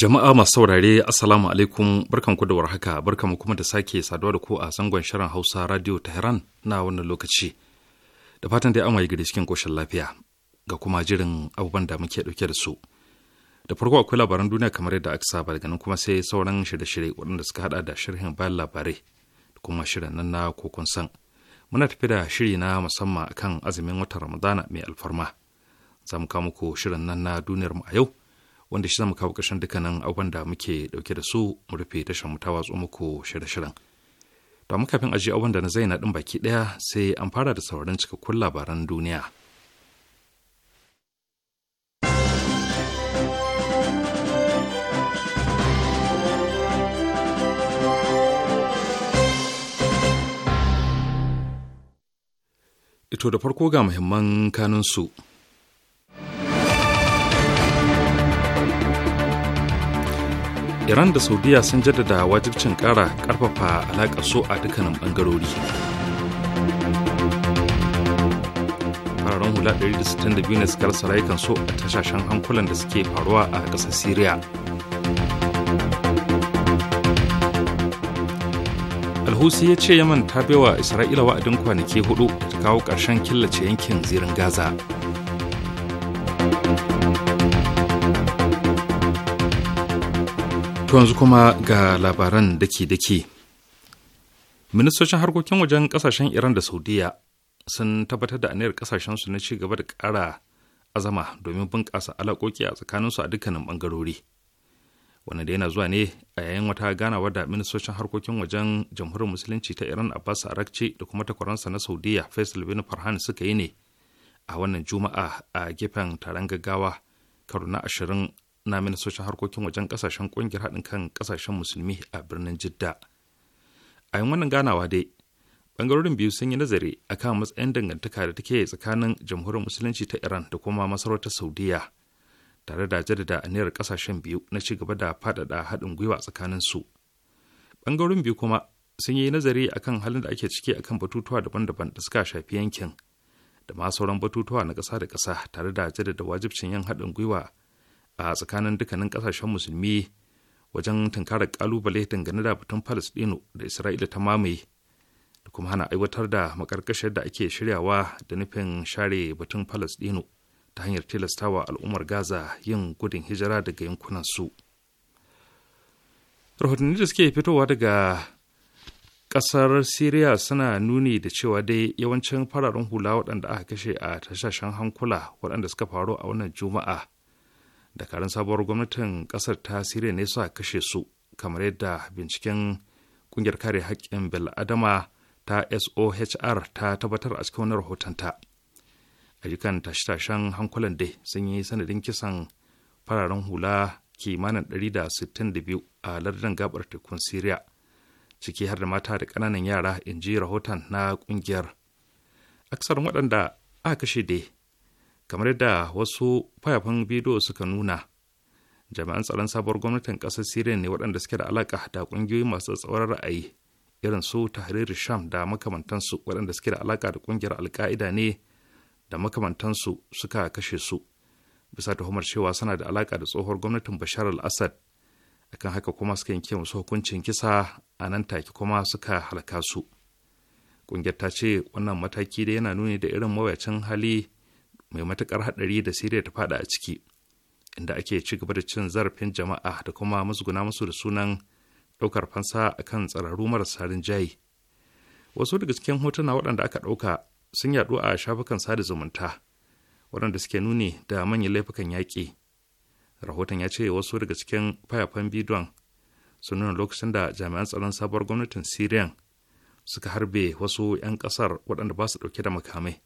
Jama'a masu saurare Assalamu alaikum ku da warhaka mu kuma da sake saduwa da ku a zangon shirin Hausa Radio Tehran na wannan lokaci. Da fatan dai an wayi gari cikin koshin lafiya ga kuma jirin abubuwan da muke dauke da su. Da farko akwai labaran duniya kamar yadda aka saba daga nan kuma sai sauran shirye-shirye waɗanda suka hada da shirin bayan labarai da kuma shirin nan na kokon san. Muna tafi da shiri na musamman kan azumin watan Ramadana mai alfarma. Za mu kawo muku shirin nan na duniyar mu a yau wanda shi zama kawo ƙarshen dukkanin abubuwan da muke ɗauke da su mu rufe tashar mu ta watsu muku shirye-shiryen. To mu kafin aji abubuwan da na zaina ɗin baki ɗaya sai an fara da sauran cikakkun labaran duniya. Ito da farko ga muhimman kanunsu. su. iran da saudiya sun jaddada wajibcin kara karfafa alaƙar su a dukkanin bangarori fararen hula 162 ne suka rasa rayukan su a tashashen hankulan da suke faruwa a ƙasar syria alhusi ya ce yaman ta baiwa isra'ila wa'adin kwanaki hudu da ta kawo ƙarshen killace yankin zirin gaza To yanzu kuma ga labaran dake-dake. Ministocin harkokin wajen kasashen Iran da Saudiya sun tabbatar da anayar kasashen su na ci gaba da ƙara azama domin bunƙasa alaƙoƙi a tsakaninsu a dukkanin ɓangarori. Wannan da yana zuwa ne a yayin wata ganawa da ministocin harkokin wajen jamhuriyar musulunci ta Iran Abbas Arakci da kuma takwaransa na Saudiya Faisal bin Farhan suka yi ne a wannan Juma'a a gefen taron gaggawa karo na ashirin na ministocin harkokin wajen kasashen kungiyar haɗin kan kasashen musulmi a birnin jidda a yin wannan ganawa dai bangarorin biyu sun yi nazari akan matsayin dangantaka da take tsakanin jamhuriyar musulunci ta iran da kuma masarautar saudiya tare da jaddada aniyar kasashen biyu na ci gaba da faɗaɗa haɗin gwiwa tsakanin su bangarorin biyu kuma sun yi nazari akan halin da ake ciki akan batutuwa daban-daban da suka shafi yankin da ma sauran batutuwa na ƙasa da kasa tare da jaddada wajibcin yin haɗin gwiwa a tsakanin dukkanin kasashen musulmi wajen tunkara kalubale dangane da batun palestino da isra'ila ta mamaye da kuma hana aiwatar da makarkashar da ake shiryawa da nufin share batun palestino ta hanyar tilastawa al'ummar gaza yin gudun hijira daga yankunansu rahotanni da suke fitowa daga kasar syria suna nuni da cewa dai yawancin fararen hula waɗanda aka kashe a tashashen hankula waɗanda suka faru a wannan juma'a dakarun sabuwar gwamnatin kasar ta siriya ne sa kashe su kamar yadda binciken kungiyar kare haƙƙin bil'adama ta sohr ta tabbatar a cikin wani rahotonta ayyukan tashe-tashen hankulan dai sun yi sanadin kisan fararen hula kimanin 162 a lardin gabar tekun siriya ciki har da mata da ƙananan yara in ji rahoton na ƙungiyar aksar waɗanda aka kashe dai kamar yadda wasu fayafan bidiyo suka nuna jami'an tsaron sabuwar gwamnatin ƙasar siriya ne waɗanda suke da alaƙa da ƙungiyoyi masu tsawon ra'ayi irin su tahrir sham da makamantansu waɗanda suke da alaƙa da ƙungiyar alka'ida ne da makamantansu suka kashe su bisa tuhumar cewa suna da alaƙa da tsohuwar gwamnatin bashar al-assad akan haka kuma suka yanke musu hukuncin kisa a nan take kuma suka halaka su ƙungiyar ta ce wannan mataki da yana nuni da irin mawuyacin hali mai matukar hadari da siriya ta fada a ciki inda ake ci gaba da cin zarafin jama'a da kuma musguna musu da sunan ɗaukar fansa akan tsararru marasa rinjayi wasu daga cikin hotuna waɗanda aka ɗauka sun yaɗu a shafukan sada zumunta waɗanda suke nuni da manyan laifukan yaƙi rahoton ya ce wasu daga cikin fayafan bidiyon su nuna lokacin da jami'an tsaron sabuwar gwamnatin syrian suka harbe wasu 'yan ƙasar waɗanda ba su ɗauke da makamai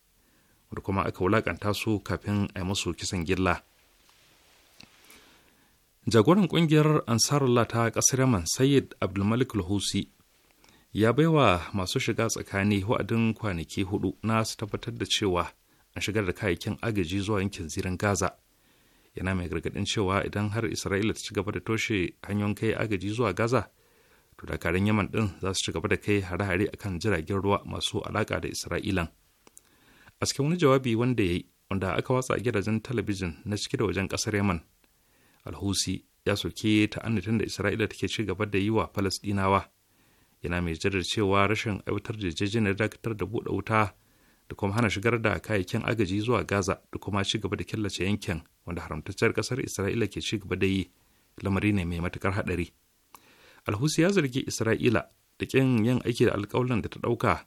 da kuma aka wulakanta su kafin a yi musu kisan gilla jagoran kungiyar ansarullah ta ƙasar yaman sayyid abdulmalik lahusi ya baiwa masu shiga tsakani wa'adin kwanaki hudu na su tabbatar da cewa an shigar da kayayyakin agaji zuwa yankin zirin gaza yana mai gargaɗin cewa idan har isra'ila ta ci gaba da toshe hanyoyin kai agaji zuwa gaza to dakarun yaman din za su ci gaba da kai hare-hare akan jiragen ruwa masu alaƙa da isra'ilan a cikin wani jawabi wanda ya yi wanda aka watsa a gidajen talabijin na cike da wajen kasar yaman alhusi ya soke ta'annitin da isra'ila take ci gaba da yi wa falasdinawa yana mai jirar cewa rashin aiwatar da jejjenar dakatar da buɗe wuta da kuma hana shigar da kayayyakin agaji zuwa gaza da kuma ci gaba da killace yankin wanda haramtacciyar kasar isra'ila ke ci gaba da yi lamari ne mai matukar haɗari alhusi ya zargi isra'ila da kin yin aiki da alkawalin da ta ɗauka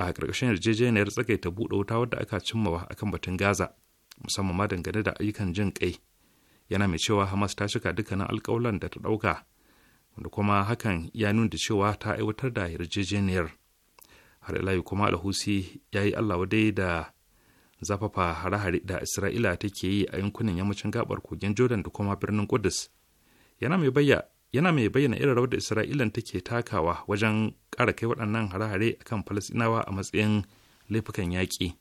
a ƙarƙashin yarjejeniyar ta buɗe wuta wadda aka cimmawa kan batun gaza musamman ma dangane da ayyukan jin kai yana mai cewa hamas ta cika dukkanin alkawalan da ta ɗauka wanda kuma hakan ya nuna cewa ta aiwatar da yarjejeniyar har ilayu kuma alhusi ya yi allah wadai da zafafa hare-hare da isra'ila take yi a yankunan yammacin gabar kogin jordan da kuma birnin kudus yana mai bayya yana mai bayyana irin rawar da isra'ila take takawa wajen ƙara kai waɗannan hare-hare kan falasinawa a matsayin laifukan yaƙi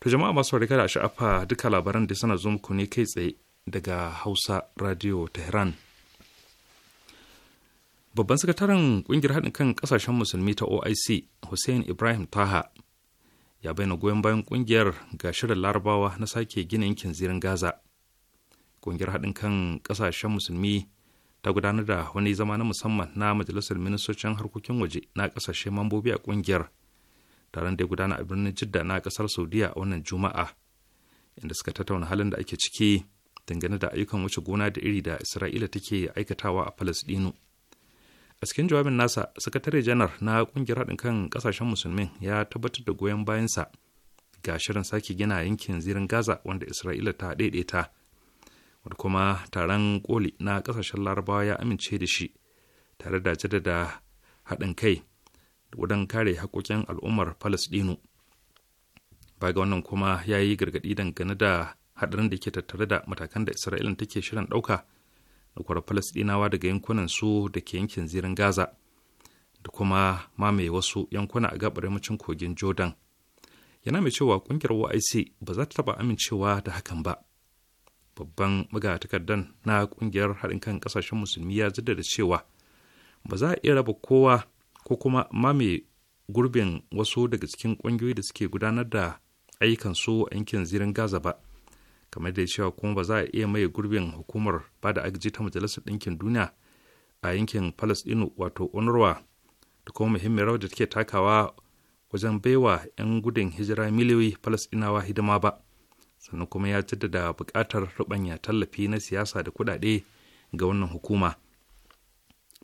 to jama'a masu warika da sha'afa duka labaran da sana zo muku ne kai tsaye daga hausa radio tehran babban sakataren ƙungiyar haɗin kan ƙasashen musulmi ta oic hussein ibrahim taha ya bayyana goyon bayan ƙungiyar ga shirin larabawa na sake gina yankin zirin gaza ƙungiyar haɗin kan ƙasashen musulmi ta gudanar da wani zama na musamman na majalisar ministocin harkokin waje na kasashe mambobi a kungiyar taron da ya gudana a birnin jidda na kasar saudiya a wannan juma'a inda suka tattauna halin da ake ciki dangane da ayyukan wuce gona da iri da isra'ila take aikatawa a falasdino a cikin jawabin nasa sakatare janar na kungiyar haɗin kan kasashen musulmin ya tabbatar da goyon bayansa ga shirin sake gina yankin zirin gaza wanda isra'ila ta daidaita wanda kuma taron koli na kasashen larabawa ya amince da shi tare da jaddada haɗin kai wajen kare haƙoƙin al'ummar palestino ba ga wannan kuma ya yi gargaɗi dangane da haɗarin da ke tattare da matakan da isra'ila take shirin ɗauka da kwarar palestinawa daga yankunan su da ke yankin zirin gaza da kuma mamaye wasu yankuna a gabar yammacin kogin jordan yana mai cewa ƙungiyar oic ba za ta taɓa amincewa da hakan ba babban magatakardan na kungiyar haɗin kan ƙasashen musulmi ya jaddada cewa ba za a iya raba kowa ko kuma mame gurbin wasu daga cikin ƙungiyoyi da suke gudanar da su a yankin zirin gaza ba kamar da cewa kuma ba za a iya maye gurbin hukumar ba da agaji ta majalisar ɗinkin duniya a yankin palestino wato onurwa da kuma muhimmin rawar da take takawa wajen baiwa 'yan gudun hijira miliyoyi palestinawa hidima ba sannan kuma ya jaddada buƙatar rubanya tallafi na siyasa da kuɗaɗe ga wannan hukuma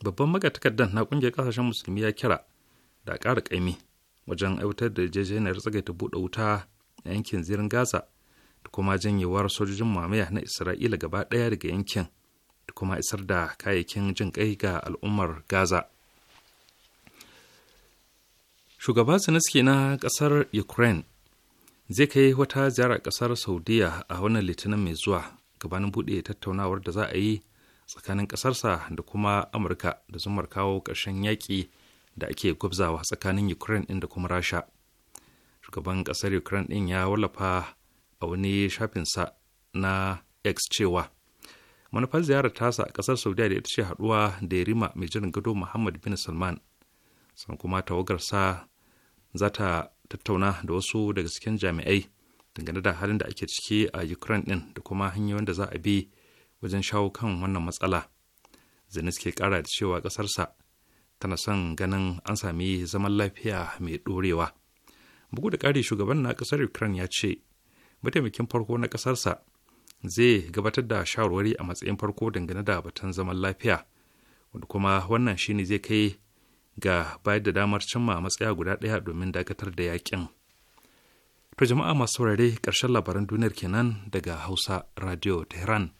babban magatakardar na ƙungiyar ƙasashen musulmi ya kira da ƙara ƙaimi wajen aiwatar da yarjejeniyar tsagaita buɗe wuta a yankin zirin gaza da kuma janyewar sojojin mamaya na isra'ila gaba ɗaya daga yankin da kuma isar da kayayyakin jin ƙai ga al'ummar gaza shugaba zelensky na ƙasar ukraine zai kai wata ziyara kasar saudiya a wannan litinin mai zuwa gabanin buɗe tattaunawar da za a yi tsakanin ƙasarsa da kuma amurka da zumar kawo ƙarshen yaƙi da ake gwabzawa tsakanin ukraine ɗin da kuma rasha shugaban ƙasar ukraine ɗin ya wallafa a wani shafinsa na x cewa manufar ziyarar tasa a ƙasar saudiya da ita ce haɗuwa da yarima mai jiran gado muhammad bin salman sannan kuma tawagarsa za ta tattauna da wasu daga cikin jami'ai dangane da halin da ake ciki a ukraine din da kuma hanyoyin da za a bi wajen shawo kan wannan matsala zelensky kara da cewa kasarsa tana son ganin an sami zaman lafiya mai ɗorewa bugu da ƙari shugaban na kasar ukraine ya ce mataimakin farko na ƙasarsa zai gabatar da shawarwari a matsayin farko dangane da batun zaman lafiya wanda kuma wannan shine zai kai ga bayar da damar cimma matsaya guda ɗaya domin dakatar da yakin. To jama'a masu saurare ƙarshen labaran duniyar kenan daga Hausa Radio Tehran.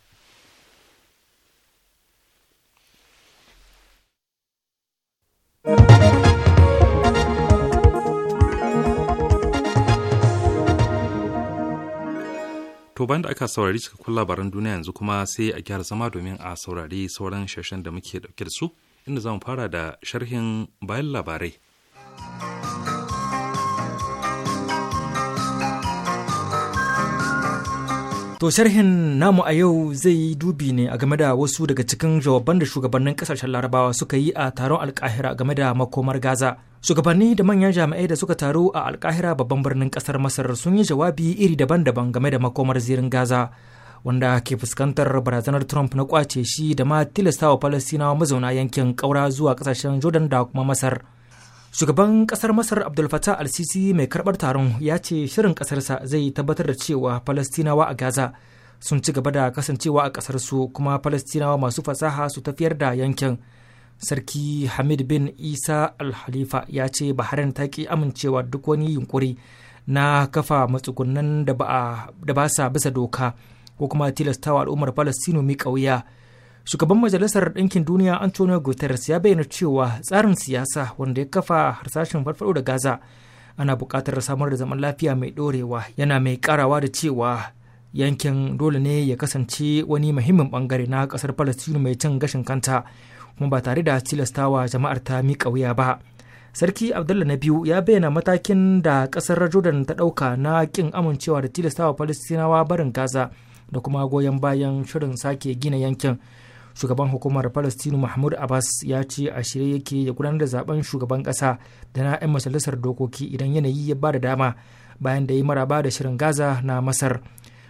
To bayan da aka saurari cikakkun labaran duniya yanzu kuma sai a gyara zama domin a saurari sauran shashen da muke dauke da su. inda zamu fara da sharhin bayan labarai. To sharhin namu a yau zai yi dubi ne a game da wasu daga cikin jawaban da shugabannin kasashen larabawa suka yi a taron alkahira game da makomar Gaza. Shugabanni da manyan jami'ai da suka taru a alkahira babban birnin kasar Masar sun yi jawabi iri daban-daban game da makomar zirin Gaza. wanda ke fuskantar barazanar trump na kwace shi da ma tilasta wa falastinawa mazauna yankin ƙaura zuwa kasashen jordan da kuma masar shugaban kasar masar abdul fatah al-sisi mai karbar taron ya ce shirin kasarsa zai tabbatar da cewa falastinawa a gaza sun ci gaba da kasancewa a kasar su kuma falastinawa masu fasaha su tafiyar da yankin sarki hamid bin isa al-halifa ya ce bahrain ta ki amincewa duk wani yunkuri na kafa matsugunan da ba sa bisa doka ko kuma tilastawa al'ummar Falastinu mi wuya. Shugaban Majalisar Ɗinkin Duniya Antonio Guterres ya bayyana cewa tsarin siyasa wanda ya kafa harsashen farfaɗo da Gaza ana buƙatar samar da zaman lafiya mai ɗorewa yana mai ƙarawa da cewa yankin dole ne ya kasance wani muhimmin bangare na ƙasar Falastinu mai cin gashin kanta kuma ba tare da tilastawa jama'ar ta mi wuya ba. sarki abdullah na biyu ya bayyana matakin da kasar jordan ta ɗauka na kin amincewa da tilastawa palestinawa barin gaza da kuma goyon bayan shirin sake gina yankin shugaban hukumar palestinu mahmud abbas ya ce a shirye yake ya gudanar da zaben shugaban kasa da na 'yan majalisar dokoki idan yanayi ya ba da dama bayan da ya maraba da shirin gaza na masar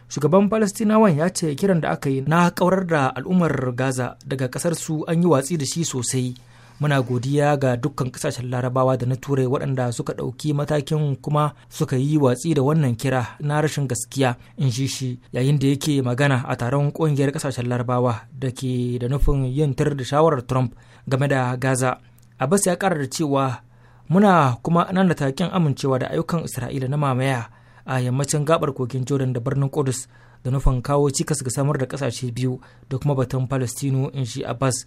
shugaban palestinawan ya ce kiran da aka yi na kaurar da al'ummar gaza daga kasar su an yi watsi da shi sosai muna godiya ga dukkan kasashen larabawa da na turai waɗanda suka ɗauki matakin kuma suka yi watsi da wannan kira na rashin gaskiya in ji shi yayin da yake magana a taron ƙungiyar kasashen larabawa da ke da nufin yin tar da shawarar trump game da gaza abbas ya ƙara da cewa muna kuma nan da takin amincewa da ayyukan isra'ila na mamaya a yammacin gabar kogin jordan da birnin kudus da nufin kawo cikas ga samar da kasashe biyu da kuma batun palestino in shi abbas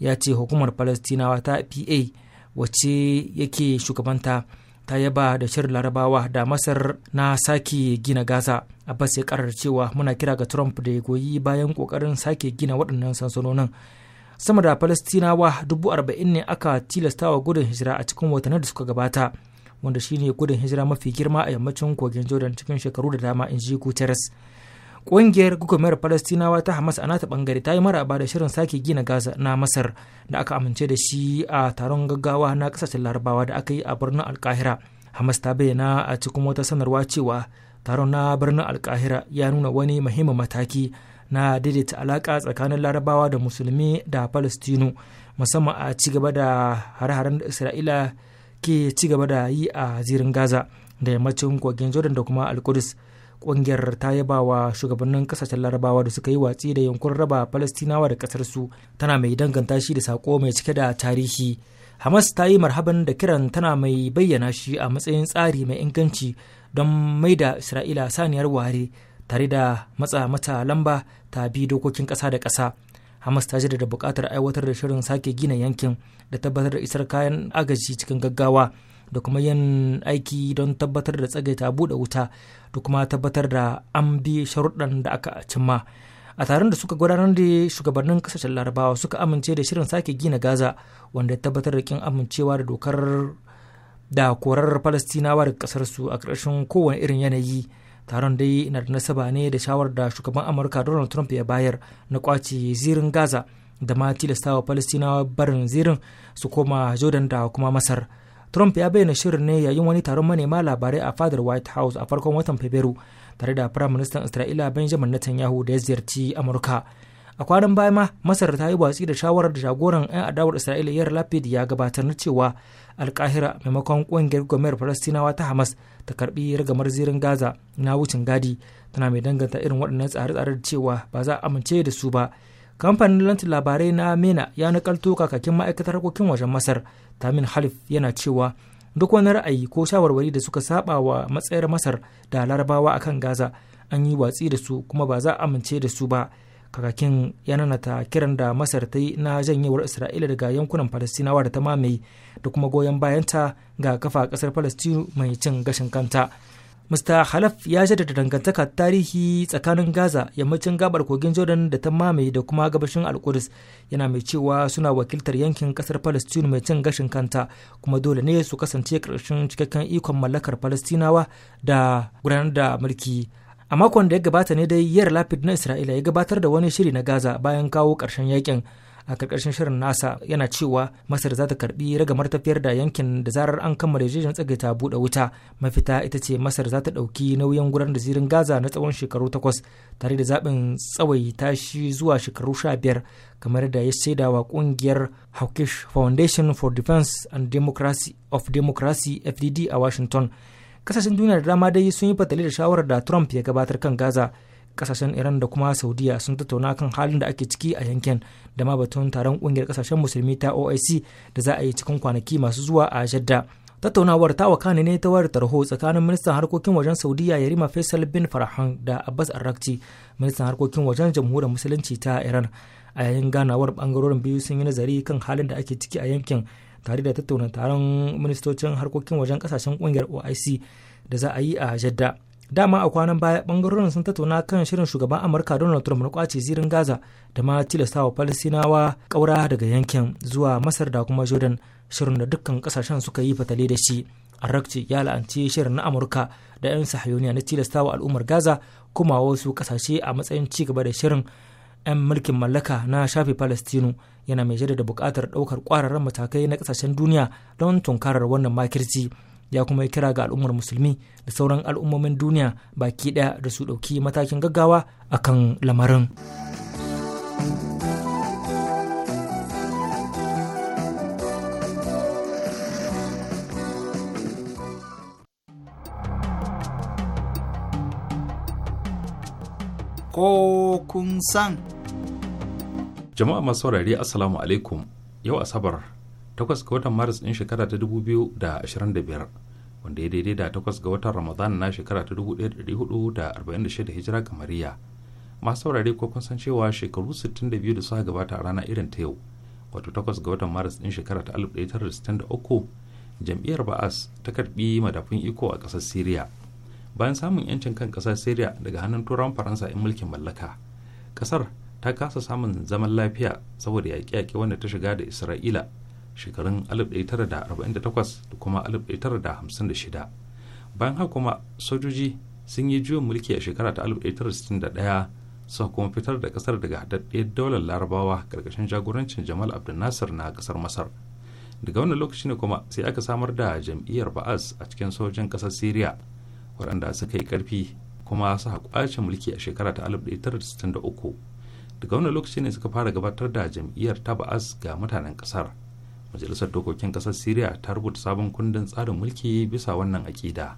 ya ce hukumar palestinawa ta pa wacce yake shugabanta ta yaba da shirin larabawa da masar na sake gina gaza abbas ya karar cewa muna kira ga trump da ya goyi bayan kokarin sake gina waɗannan sansanonin sama da palestinawa dubu arba'in ne aka tilastawa gudun hijira a cikin watannin da suka gabata wanda shine gudun hijira mafi girma a yammacin kogin jordan cikin shekaru da dama in ji guterres Ƙungiyar gugumar Falastinawa ta Hamas a nata bangare ta yi maraba da shirin sake gina Gaza na Masar da aka amince da shi a taron gaggawa na kasashen Larabawa da aka yi a birnin Alkahira. Hamas ta bayyana a cikin wata sanarwa cewa taron na birnin Alkahira ya nuna wani muhimmin mataki na daidaita alaka tsakanin Larabawa da Musulmi da Falastinu musamman a ci da hare-haren da Isra'ila ke ci gaba da yi a zirin Gaza da yammacin kogin Jordan da kuma Alkudus. ƙungiyar ta yaba wa shugabannin kasashen larabawa da suka yi watsi da yankun raba falastinawa da ƙasarsu tana mai danganta shi da sako mai cike da tarihi hamas ta yi marhaban da kiran tana mai bayyana shi a matsayin tsari mai inganci don mai da isra'ila saniyar ware tare da matsa mata lamba ta bi dokokin ƙasa da ƙasa hamas ta jaddada buƙatar aiwatar da shirin sake gina yankin da tabbatar da isar kayan agaji cikin gaggawa da kuma yin aiki don tabbatar da tsagaita buɗe wuta da kuma tabbatar da an bi sharuɗan da aka cimma a taron da suka gudanar da shugabannin kasashen larabawa suka amince da shirin sake gina gaza wanda ya tabbatar da kin amincewa da dokar da korar falastinawa daga kasar su a ƙarshen kowane irin yanayi taron dai na da nasaba ne da shawar da shugaban amurka donald trump ya bayar na kwace zirin gaza da ma tilastawa falastinawa barin zirin su koma jordan da kuma masar Trump ya bayyana shirin ne yayin wani taron manema labarai a fadar White House a farkon watan Fabrairu tare da firaministan Ministan Isra'ila Benjamin Netanyahu da ya ziyarci Amurka. A kwanan baya ma Masar ta yi watsi da shawarar da jagoran 'yan adawar Isra'ila Yair Lapid ya gabatar na cewa Alkahira maimakon ƙungiyar gwamnatin Falastinawa ta Hamas ta karbi ragamar zirin Gaza na wucin gadi tana mai danganta irin waɗannan tsare-tsare da cewa ba za a amince da su ba. kamfanin lantin labarai na mena ya nakalto kakakin ma'aikatar harkokin wajen masar tamin halif yana cewa duk wani ra'ayi ko shawarwari da suka saba wa matsayar masar da larabawa akan gaza an yi watsi da su kuma ba za a amince da su ba kakakin ya nanata kiran da masar ta yi na janyewar isra'ila daga yankunan falastinawa da ta mamaye da kuma goyon bayanta ga kafa kasar falastinu mai cin gashin kanta Mr. Halaf ya da dangantaka tarihi tsakanin Gaza, yammacin gabar kogin Jordan da ta mamaye da kuma gabashin Alkudus, yana mai cewa suna wakiltar yankin kasar Palestine mai cin gashin kanta, kuma dole ne su kasance ƙarshen cikakken ikon mallakar Palestinawa da gudanar da mulki. A makon da ya gabata ne dai yar Lapid na Isra'ila ya gabatar da wani shiri na Gaza bayan kawo ƙarshen yakin. a karkashin shirin nasa yana cewa masar za ta karbi ragamar tafiyar da yankin da zarar an kammala yarjejeniyar ta buɗe wuta mafita ita ce masar za ta ɗauki nauyin gudanar da zirin gaza na tsawon shekaru takwas tare da zaɓin tsawai shi zuwa shekaru sha biyar kamar da ya shaida wa ƙungiyar hawkish foundation for defense and democracy of democracy fdd a washington kasashen duniya da dama dai sun yi fatali da shawarar da trump ya gabatar kan gaza kasashen iran da kuma saudiya sun tattauna kan halin da ake ciki a yankin da ma batun taron kungiyar kasashen musulmi ta oic da za a yi cikin kwanaki masu zuwa a jadda tattaunawar ta wakane ne ta wayar tarho tsakanin ministan harkokin wajen saudiya yarima faisal bin farhan da abbas arrakci ministan harkokin wajen jamhuriyar musulunci ta iran a yayin ganawar bangarorin biyu sun yi nazari kan halin da ake ciki a yankin tare da tattauna taron ministocin harkokin wajen kasashen kungiyar oic da za a yi a jadda dama a kwanan baya bangarorin sun tattauna kan shirin shugaban amurka donald trump na kwace zirin gaza da ma tilastawa falastinawa kaura daga yankin zuwa masar da kuma jordan shirin da dukkan kasashen suka yi fatali da shi arakci ya la'anci shirin na amurka da 'yan sahiyoniya na tilastawa al'ummar gaza kuma wasu kasashe a matsayin ci gaba da shirin 'yan mulkin mallaka na shafe palestinu yana mai jaddada buƙatar ɗaukar ƙwararren matakai na kasashen duniya don tunkarar wannan makirci ya kuma yi kira ga al'ummar musulmi da sauran al'ummomin duniya baki ɗaya da su ɗauki matakin gaggawa akan lamarin. Ko kun san. Jama'a masu saurari Assalamu alaikum yau Asabar takwas ga watan maris din shekara ta 2025 wanda ya daidai da takwas ga watan ramadan na shekara ta 1446 hijira kamariya masu saurare ko kun san cewa shekaru 62 da suka gabata a rana irin ta yau wato takwas ga watan maris din shekara ta 1963 jam'iyyar ba'as ta karbi madafun iko a kasar syria bayan samun yancin kan kasar syria daga hannun turawan faransa in mulkin mallaka kasar ta kasa samun zaman lafiya saboda yaƙe-yaƙe wanda ta shiga da isra'ila shekarun 1948 da kuma 1956 bayan haka kuma sojoji sun yi juyin mulki a shekara ta 1961 suka kuma fitar da kasar daga haɗaɗɗiyar daular larabawa karkashin jagorancin jamal abdul nasir na ƙasar masar daga wannan lokaci ne kuma sai aka samar da jam'iyyar ba'az a cikin sojin ƙasar syria waɗanda suka yi ƙarfi kuma su kwace mulki a shekara ta 1963 daga wannan lokaci ne suka fara gabatar da jam'iyyar ta ba'az ga mutanen ƙasar majalisar dokokin kasar syria ta rubuta sabon kundin tsarin mulki bisa wannan akida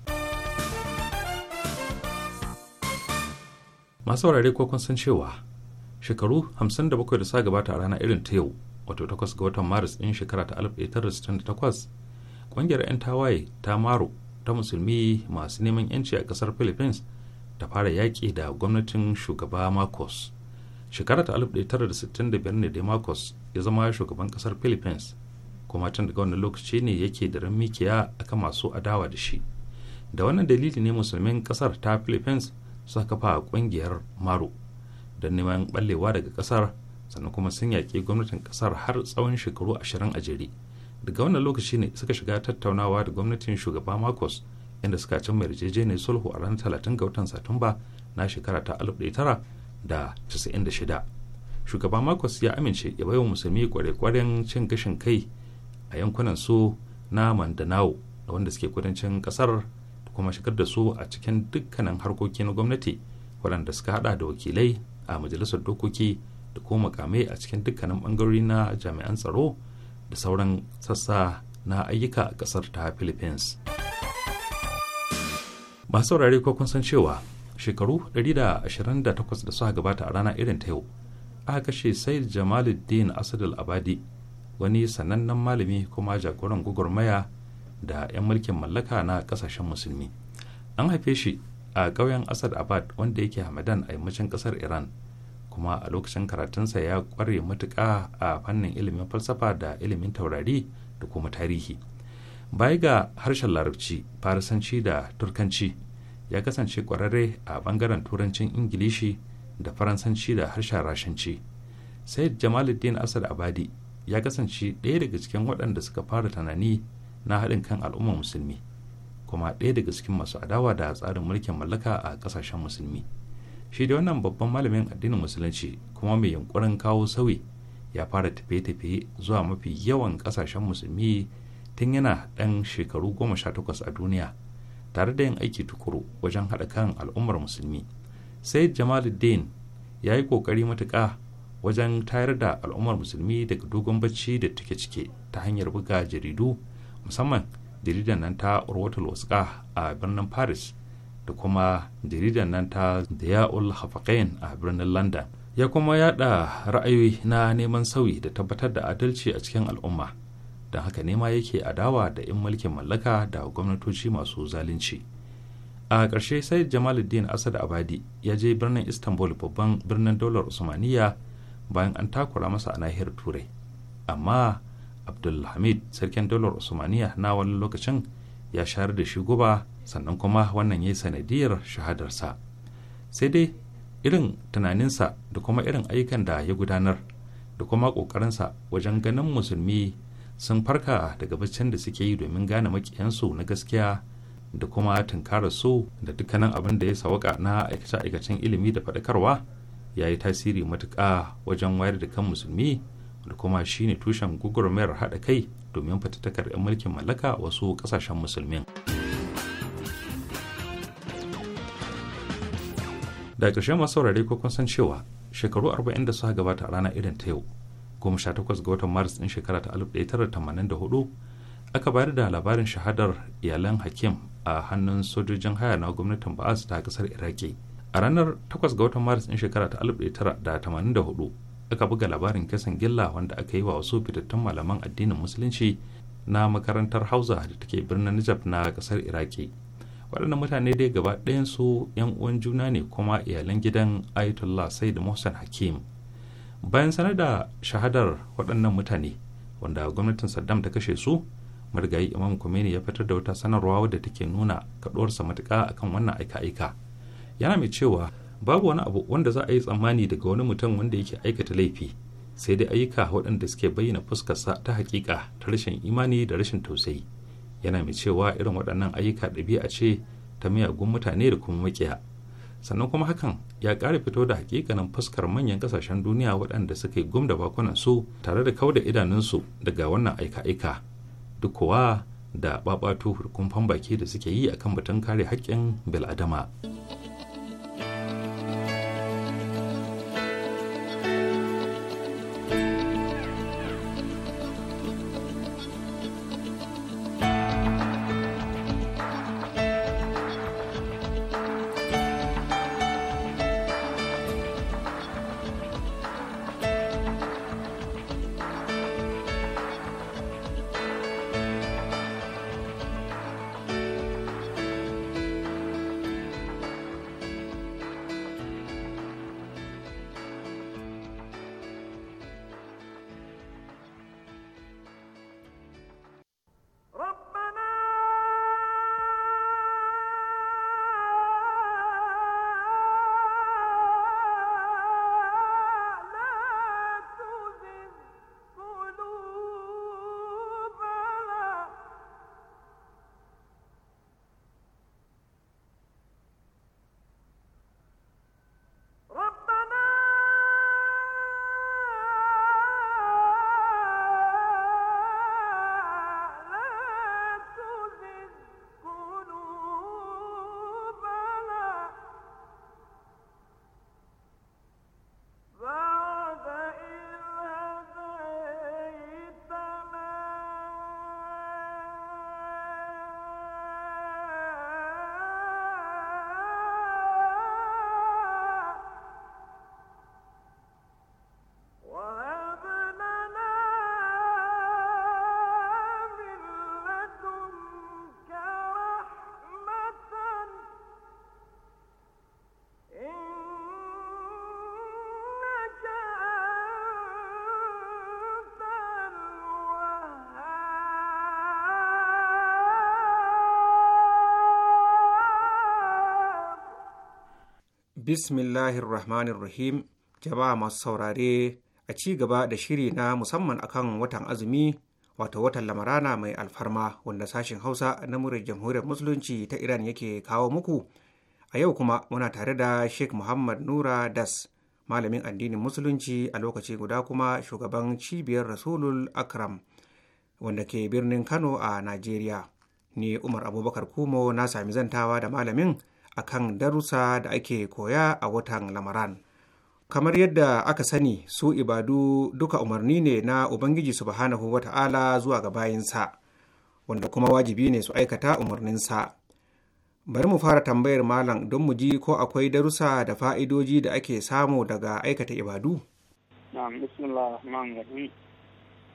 masu wurare ko kun san cewa shekaru 57 da sa gabata a rana irin ta yau wato 8 ga watan maris din shekara ta 1968 ƙungiyar 'yan tawaye ta maro ta musulmi masu neman 'yanci a kasar philippines ta fara yaƙi da gwamnatin shugaba marcos shekara ta 1965 ne dai marcos ya zama shugaban kasar philippines kuma tun daga wannan lokaci ne yake da mikiya akan masu adawa da shi da wannan dalili ne musulmin kasar ta philippines suka kafa kungiyar maro don neman ɓallewa daga kasar sannan kuma sun yaƙi gwamnatin kasar har tsawon shekaru ashirin a jere daga wannan lokaci ne suka shiga tattaunawa da gwamnatin shugaba marcos inda suka mai yarjejeniyar sulhu a ranar talatin ga watan satumba na shekara ta alif tara da casa'in da shida shugaba marcos ya amince ya bai wa musulmi kware-kwaren cin gashin kai a yankunan su na mandanao da wanda suke kudancin kasar da kuma shigar da su a cikin dukkanin harkoki na gwamnati waɗanda suka hada da wakilai a majalisar dokoki da kuma makamai a cikin dukkanin bangarori na jami'an tsaro da sauran sassa na ayyuka a kasar ta philippines masu saurare ko kun san cewa shekaru 128 da suka gabata a rana irin ta yau aka kashe sai jamaluddin asadul abadi wani sanannen malami kuma jagoran gwagwarmaya da 'yan mulkin mallaka na kasashen musulmi an haife shi a ƙauyen asad abad wanda yake hamadan a yammacin ƙasar iran kuma a lokacin karatunsa ya ƙware matuƙa a fannin ilimin falsafa da ilimin taurari da kuma tarihi baya ga harshen larabci farisanci da turkanci ya kasance ƙwararre a ɓangaren turancin ingilishi da faransanci da harshen rashanci sayyid jamaluddin asad abadi ya kasance ɗaya daga cikin waɗanda suka fara tunani na haɗin kan al'ummar musulmi kuma ɗaya daga cikin masu adawa da tsarin mulkin mallaka a ƙasashen musulmi shi da wannan babban malamin addinin musulunci kuma mai yunkurin kawo sauyi ya fara tafiye-tafiye zuwa mafi yawan ƙasashen musulmi tun yana ɗan shekaru goma sha takwas a duniya tare da yin aiki tukuru wajen haɗa kan al'ummar musulmi sai jamaluddin ya yi ƙoƙari matuƙa wajen tayar da al'ummar musulmi daga dogon bacci da take cike ta hanyar buga jaridu musamman jaridar nan ta urwatul wasqa a birnin paris da kuma jaridar nan ta diya'ul hafaqain a birnin london ya kuma yada ra'ayoyi na neman sauyi da tabbatar da adalci a cikin al'umma don haka ne nema yake adawa da 'yan mulkin mallaka da gwamnatoci masu zalunci a ƙarshe sai jamaluddin asad abadi ya je birnin istanbul babban birnin daular usmaniya bayan an takura masa a nahiyar turai amma abdulhamid sarkin daular usmaniya na wani lokacin ya shayar da shi guba sannan kuma wannan ya yi sanadiyar shahadarsa sai dai irin tunaninsa da kuma irin ayyukan da ya gudanar da kuma kokarinsa wajen ganin musulmi sun farka daga baccin da suke yi domin gane makiyansu na gaskiya da kuma tunkararsu su da dukkanin abin da ya sawaka na aikace-aikacen ilimi da faɗakarwa ya yi tasiri matuƙa wajen wayar da kan musulmi da kuma shine tushen mayar haɗa kai domin fatattakar 'yan mulkin mallaka wasu ƙasashen musulmin. da ƙarshe masu saurare ko kun san cewa shekaru 40 da suka gabata a rana irin ta yau goma sha takwas ga watan maris ɗin shekara ta 1984 aka bayar da labarin shahadar iyalan hakim a hannun sojojin haya na gwamnatin ba'as ta ƙasar iraki a ranar 8 ga watan maris din shekara ta 1984 aka buga labarin kisan gilla wanda aka yi wa wasu fitattun malaman addinin musulunci na makarantar hausa da take birnin najaf na kasar iraki waɗannan mutane dai gaba ɗayansu 'yan uwan juna ne kuma iyalan gidan ayatollah said mohsen hakim bayan sanar da shahadar waɗannan mutane wanda gwamnatin saddam ta kashe su marigayi imam kumeni ya fitar da wata sanarwa wadda take nuna kaɗuwarsa matuƙa akan wannan aika-aika yana mai cewa babu wani abu wanda za a yi tsammani daga wani mutum wanda yake aikata laifi sai dai ayyuka waɗanda suke bayyana fuskarsa ta hakika ta rashin imani da rashin tausayi yana mai cewa irin waɗannan ayyuka ɗabi'a ce ta miyagun mutane da kuma makiya sannan kuma hakan ya ƙara fito da hakikanin fuskar manyan ƙasashen duniya waɗanda suka yi gum da bakunan su tare da kauda idanunsu daga wannan aika-aika duk kuwa da ɓaɓato hukumfan baki da suke yi akan batun kare haƙƙin bil'adama. bismillahir rahmanir rahim jama'a masu saurare a ci gaba da shiri na musamman akan watan azumi wato watan lamarana mai alfarma wanda sashen hausa na murar jamhuriyar musulunci ta iran yake kawo muku a yau kuma muna tare da sheikh muhammad nura das malamin addinin musulunci a lokaci guda kuma shugaban cibiyar rasulul akram wanda ke birnin kano a najeriya ni umar abubakar kumo na sami zantawa da malamin akan darussa da ake koya a watan lamaran kamar yadda aka sani su ibadu duka umarni ne na ubangiji subhanahu wata'ala zuwa ga bayinsa wanda kuma wajibi ne su aikata umarninsa bari mu fara tambayar malam don mu ji ko akwai darussa da fa'idoji da ake samu daga aikata ibadu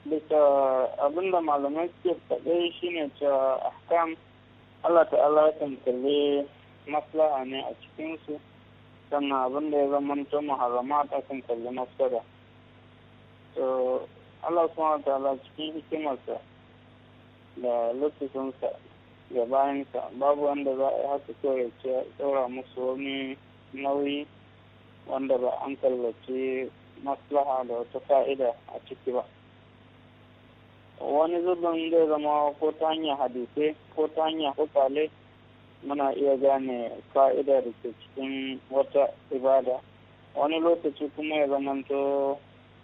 bisa abin da malamai suke faɗe shine ta ahkam Allah ta'ala kan maslaha ne a cikinsu sannan abin da ya zamanta muharramat kan kalli maslaha to Allah subhanahu ta'ala cikin hikimarsa da lokacinsa da bayansa babu wanda za a yi haka kawai ya ce ɗaura musu wani nauyi wanda ba an kallaci maslaha da wata fa'ida a ciki ba wani zubin zai zama ko ta hanyar hadisai ko ta hanyar hukale muna iya gane fa'ida da ke cikin wata ibada wani lokaci kuma ya zamanto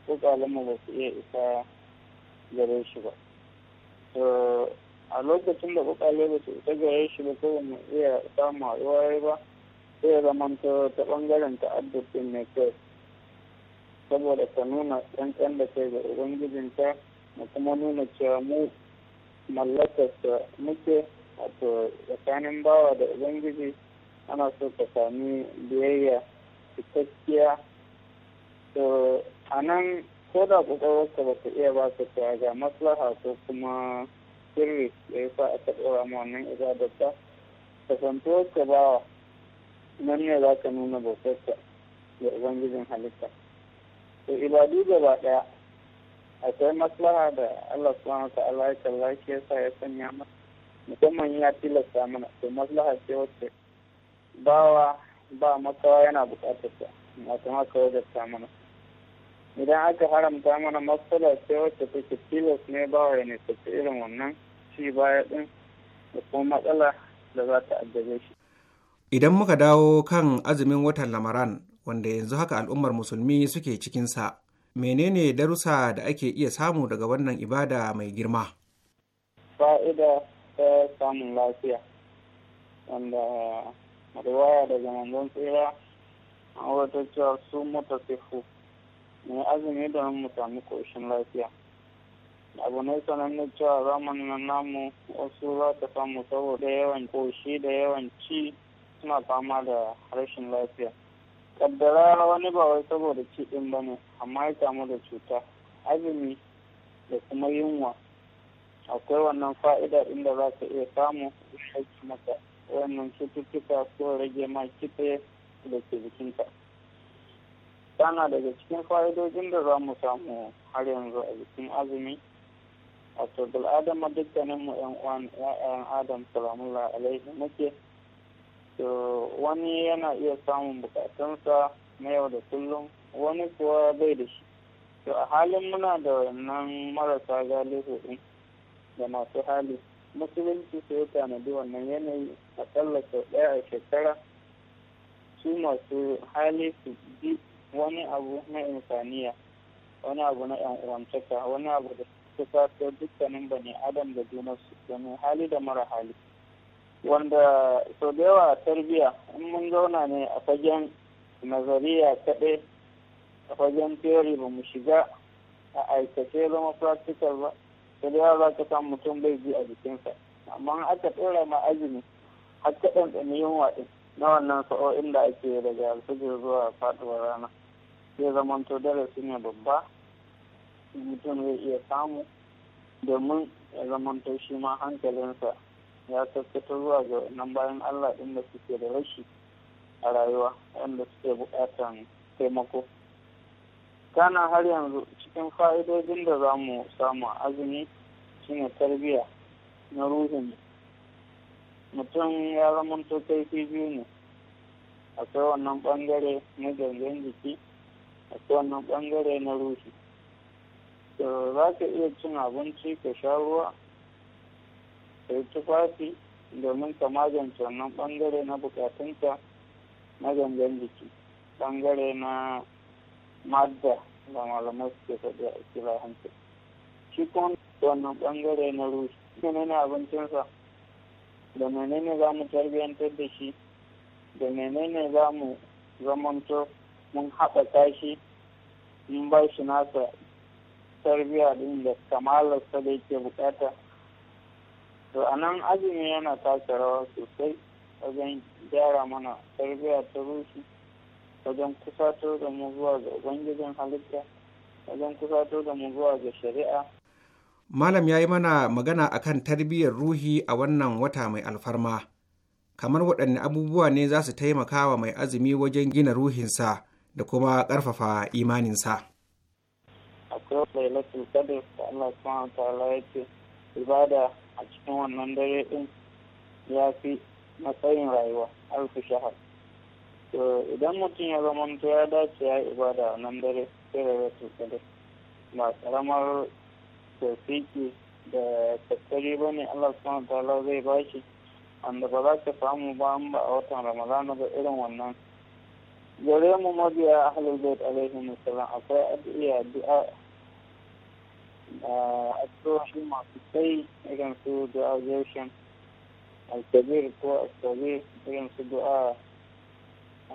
kukalinmu ba su iya isa gare shi ba a lokacin da kukale ba su isa gare shi ba ko mu iya samu haɗuwa ba sai ya to ta ɓangaren ta'addufin ne kai saboda ka nuna ɗanɗan da kai ga ubangijinta da kuma nuna cewa mu mallakarsa muke wato tsakanin bawa da ubangiji ana so ka sami biyayya cikakkiya to a nan ko da ƙwaƙwarwarka ba ta iya ba ta ga maslaha ko kuma sirri da ya sa aka ɗora ma wannan ibadar ta kasantuwar ka bawa nan ne za ka nuna bautarka da ubangijin halitta to ibadu gaba ɗaya akwai maslaha da Allah subhanahu wa ta'ala ya kalla yasa ya sanya masa musamman ya tilasta mana to maslaha ce wacce bawa ba makawa yana bukatar ta wato haka wajabta mana idan aka haramta mana matsala ce wacce take tilas ne bawa ya nisanci irin wannan ci baya din da kuma matsala da za ta addabe shi idan muka dawo kan azumin watan lamaran wanda yanzu haka al'ummar musulmi suke cikinsa menene darussa da ake iya samu daga wannan ibada mai girma fa'ida ta samun lafiya wanda riwaya daga manzon tsira an wata cewa su mutasifu ne azumi don mu samu koshin lafiya abu ne sananne cewa zamanin namu wasu za ta samu saboda yawan koshi da yawan ci suna fama da rashin lafiya kaddara wani ba wai saboda ci din ba ne amma ya samu da cuta azumi da kuma yunwa akwai wannan fa'ida inda za ka iya samu aiki maka wannan cututtuka ko rage ma kitse da ke jikinka tana daga cikin fa'idojin da za mu samu har yanzu a jikin azumi wato adama dukkanin mu yan uwan ya'yan adam salamullah alaihi muke to wani yana iya samun bukatunsa na yau da kullum wani kuwa bai da shi to a halin muna da wannan marasa galihu din da masu hali musulunci su yi tanadi wannan yanayi akalla sau ɗaya a shekara su masu hali su bi wani abu na insaniya wani abu na yan uwantaka wani abu da su fato dukkanin bane adam da juna su domin hali da mara hali wanda sau da yawa a tarbiya in mun zauna ne a fagen nazariya kaɗai a fagen theory ba mu shiga a aikace zama practical ba sai da za ka samu mutum bai ji a jikinsa amma aka ɗora ma azumi har ka ɗanɗana yunwa ɗin na wannan sa'o'in da ake daga alfajir zuwa faɗuwar rana zai dare darasi ne babba mutum zai iya samu domin ya to shi ma hankalinsa ya sassata zuwa ga nan bayan Allah ɗin da suke da rashi a rayuwa wanda suke buƙatan taimako. kana har yanzu cikin fa'idodin da za mu samu azumi shine tarbiyya na ruhin mutum ya zamanto kaifi biyu ne akwai wannan bangare na gangan jiki akwai wannan bangare na ruhi da za ka iya cin abinci ka sha ruwa ka yi tufafi domin ka magance wannan bangare na bukatunka na gangan jiki bangare na madda da malamai suke faɗi a islahance shi kuma wannan ɓangare na ruhi menene abincinsa da menene za mu tarbiyyantar da shi da menene za mu zamanto mun haɓaka shi mun ba shi nasa tarbiyya ɗin da kamalarsa da yake bukata to a nan azumi yana taka rawa sosai wajen gyara mana tarbiyya ta rushe wajen kusatar da mu zuwa ga ubangijin halitta wajen kusatar da mu zuwa ga shari'a malam ya yi mana magana akan tarbiyyar ruhi a wannan wata mai alfarma kamar waɗanne abubuwa ne za su taimaka wa mai azumi wajen gina ruhinsa da kuma ƙarfafa imaninsa akwai lailatul kada da Allah ibada a cikin wannan dare ɗin ya fi matsayin rayuwa alfi shahar to idan mutum ya zamanto ya dace ya ibada nan dare sai da rasu dare ba karamar tafiki da tattari ba ne allah subhanahu ta'ala zai bashi wanda ba za ka samu ba an ba a oh, watan ramadana ba irin wannan gare mu mabiya ahlul bait alaihi wasallam akwai addu'a du'a a eh, tsohon masu tsayi irin su du'a jaushen alkabir ko alkabir irin su du'a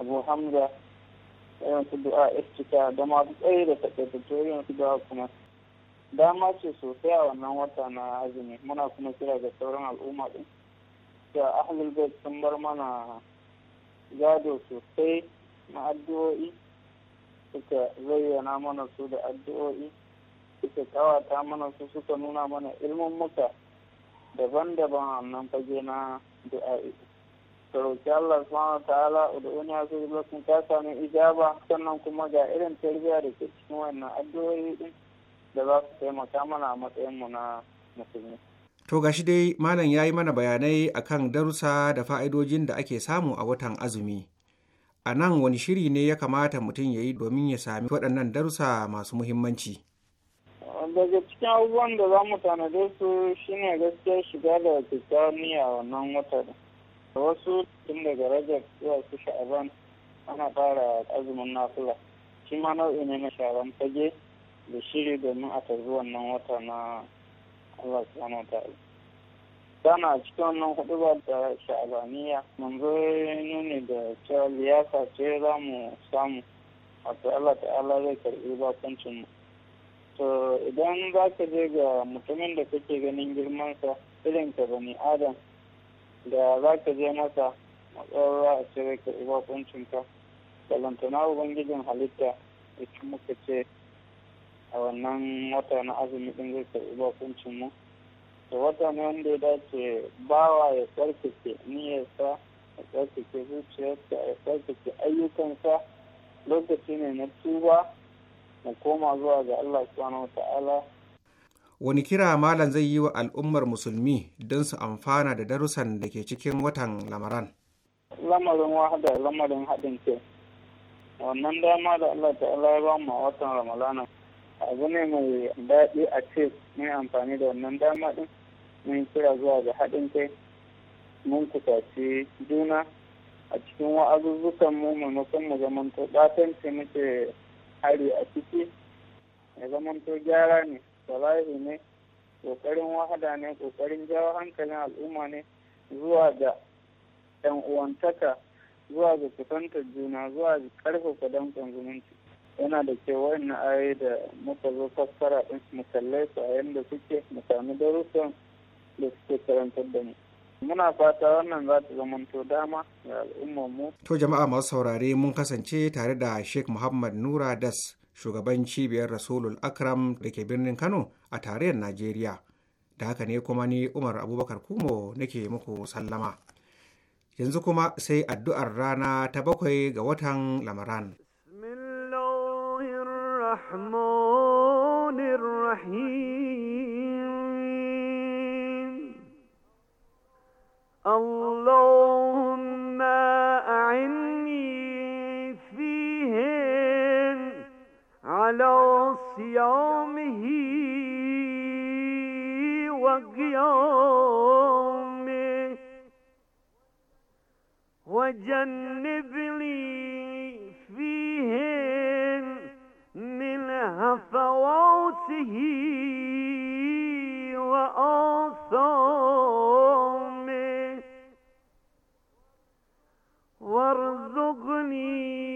abu hamza yawan su du'a istika da masu tsaye da takaitattu irin su du'a kuma dama ce sosai a wannan wata na azumi muna kuma kira ga sauran al'umma din da ahlul bait sun bar mana gado sosai na addu'o'i suka zayyana mana su da addu'o'i suka kawata mana su suka nuna mana ilmin muka daban-daban a nan fage na du'a'i Ka roƙi Allah subhanahu ta'ala ud'uni da sun ta sami ijaba sannan kuma ga irin tarbiyya da ke cikin wannan addu'o'i din da za su taimaka mana a matsayin mu na musulmi To gashi dai malam ya yi mana bayanai akan darussa da fa'idojin da ake samu a watan azumi. A nan wani shiri ne ya kamata mutum ya yi domin ya sami waɗannan darussa masu muhimmanci. Daga cikin abubuwan da za mu tanade su shine gaskiya shiga da kyakkyawar niyya wannan watan. wasu tun daga rajab zuwa su sha'aban ana fara azumin nafila shi ma nau'i ne na sharan fage da shiri domin a tarbi wannan wata na Allah subhanahu wa sana a cikin wannan hudu ba da sha'abaniya manzo ya nuni da cewa liyafa ce za mu samu wato Allah ta'ala zai karbi bakuncin mu to idan za ka je ga mutumin da kake ganin girmansa irin ka bani adam da za ka je masa matsayarwa a cire ka ibakuncinka balantana ubangijin halitta da muka ce a wannan wata na azumi din zai karɓi kuncin mu da wata ne wanda ya dace bawa ya tsarkake niyyarsa ya tsarkake zuciyarsa ya tsarkake ayyukansa lokaci ne na tuba mu koma zuwa ga Allah subhanahu ta'ala wani kira malam zai yi wa al'ummar musulmi don su amfana da darussan da ke cikin watan lamaran lamarin wahada lamarin haɗin kai wannan dama da allah ta'ala ya bamu watan Ramadana. abu ne mai daɗi a ce mai amfani da wannan dama ɗin mun kira zuwa ga haɗin kai mun kusaci juna a cikin wa'azuzzukan mu maimakon mu zamanto ɓatanci muke hari a ciki Mai zamanto gyara ne salahi ne kokarin wahada ne kokarin jawo hankalin al'umma ne zuwa ga yan uwantaka zuwa ga kusantar juna zuwa ga karfafa dankon zumunci yana da ke na ayi da muka zo fassara ɗin mu su a yadda suke mu sami darussan da suke karantar da mu muna fata wannan za ta zamanto dama ga al'ummar mu to jama'a masu saurare mun kasance tare da sheikh muhammad nura das shugaban cibiyar rasulul akram da ke birnin kano a tarayyar najeriya da haka ne kuma ni umar abubakar kumo nake muku sallama yanzu kuma sai addu'ar rana ta bakwai ga watan lamaran اللهم صيامه وقيامه وجنب لي فيهن من هفواته وآثامه وارزقني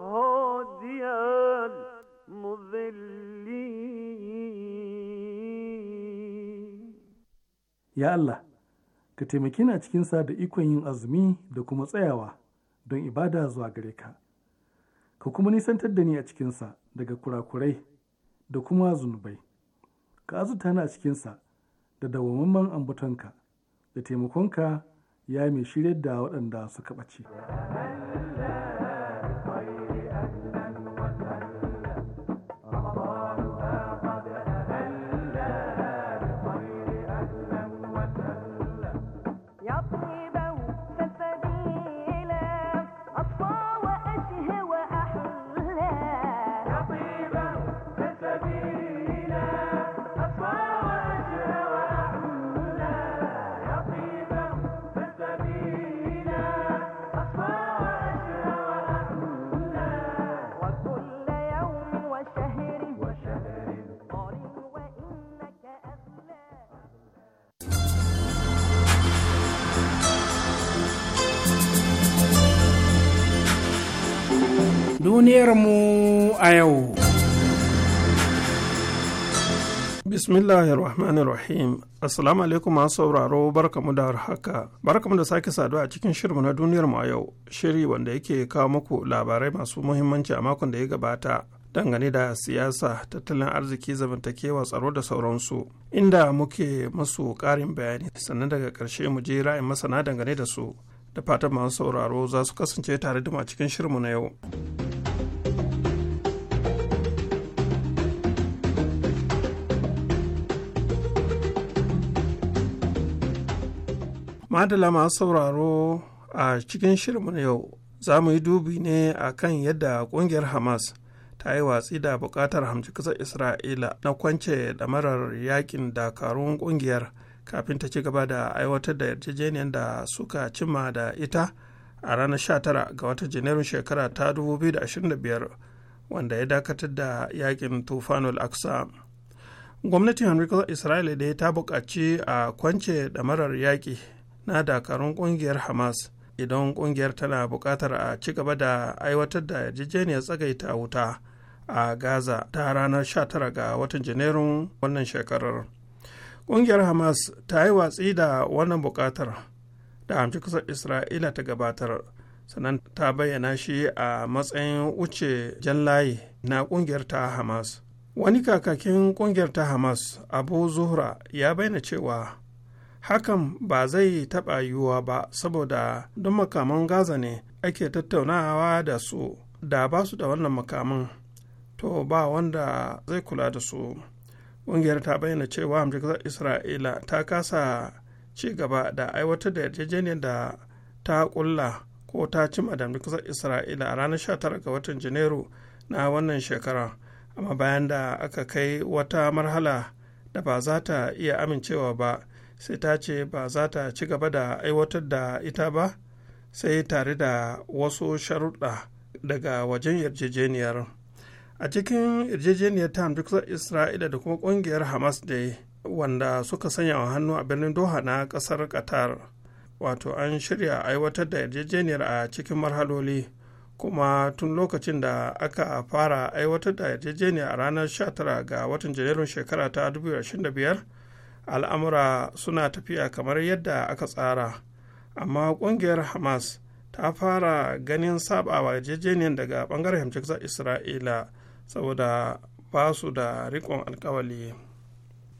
Ya Allah, ka taimaki ni a cikinsa da ikon yin azumi da kuma tsayawa don ibada zuwa gare ka. Ka kuma nisantar da ni a cikinsa daga kurakurai da kuma zunubai. Ka azuta ni a cikinsa da dawamman ambatonka da taimakonka ya mai shirya da waɗanda suka ɓace. mu a yau. Bismillahir Rahmanir Rahim. Assalamu alaikum masu sauraro barkamu da haka. Barkamu da sake saduwa a cikin shirmu na duniyar mu a yau, shiri wanda yake kawo muku labarai masu muhimmanci a makon da ya gabata. dangane da siyasa tattalin arziki zamantakewa tsaro da sauransu inda muke masu karin bayani sannan daga karshe mu je ra'ayin masana dangane da su da fatan masu sauraro za su kasance tare da mu a cikin shirmu na yau. madala masu sauraro a cikin shirin na yau za mu yi dubi ne a kan yadda kungiyar hamas ta yi watsi da bukatar hamci kasar isra'ila na kwance da marar yakin dakarun kungiyar kafin ta ci gaba da aiwatar da yarjejeniyar da suka cimma da ita a ranar 19 ga watan janairun shekara ta 2025 wanda ya dakatar da yakin tufanul aksa gwamnatin henry isra'ila dai ta buƙaci a kwance da marar yaƙi na dakarun kungiyar hamas idan kungiyar tana buƙatar a ci gaba da aiwatar da yarjejeniyar tsagaita wuta a gaza ta ranar 19 ga watan janairun wannan shekarar kungiyar hamas ta yi watsi da wannan buƙatar da amci ƙasar isra'ila ta gabatar sannan ta bayyana shi a matsayin wuce jan layi na kungiyar ta hamas wani kakakin kungiyar ta hamas abu zuhra ya bayyana cewa hakan ba zai taɓa yiwuwa ba saboda don makaman gaza ne ake tattaunawa da su da ba su da wannan makaman to ba wanda zai kula da su ƙungiyar ta bayyana cewa amurka isra'ila ta kasa ci gaba da aiwatar da yarjejeniyar da ta kulla ko ta cima da kasar isra'ila a ranar 19 ga watan janairu na wannan shekara amma bayan da aka kai wata marhala da ba za ta iya amincewa ba sai ta ce ba za ta ci gaba da aiwatar da ita ba sai tare da wasu sharuɗa daga wajen yarjejeniyar a cikin yarjejeniyar ta hamdukar isra'ila da kuma ƙungiyar hamas da wanda suka sanya wa hannu a birnin doha na ƙasar qatar wato an shirya aiwatar da yarjejeniyar a cikin marhaloli kuma tun lokacin da aka fara aiwatar da yarjejeniyar a ranar 19 ga watan janairun shekara ta 2025 al'amura suna tafiya kamar yadda aka tsara amma kungiyar hamas ta fara ganin sabawa yarjejeniyar daga bangaren hamshiksar isra'ila saboda ba su da rikon alkawali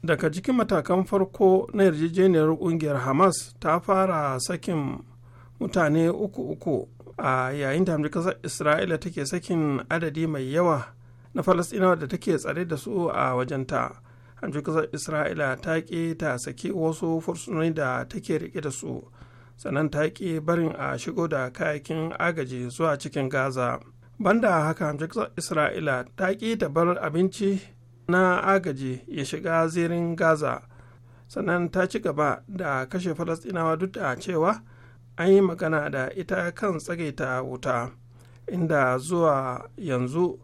daga cikin matakan farko na yarjejeniyar kungiyar hamas ta fara sakin mutane uku-uku a yayin da hamshiksar isra'ila take sakin adadi mai yawa na falasɗinawa da take tsare da su a wajenta. hamshin kasar isra'ila ta ƙi ta saki wasu fursunoni da take rike da su sannan ta ƙi barin a shigo da kayakin agaji zuwa cikin gaza banda haka hamshin kasar isra'ila ta ƙi ta bar abinci na agaji ya shiga zirin gaza sannan ta ci gaba da kashe falastinawa duk da cewa an yi magana da ita kan tsagaita wuta inda zuwa yanzu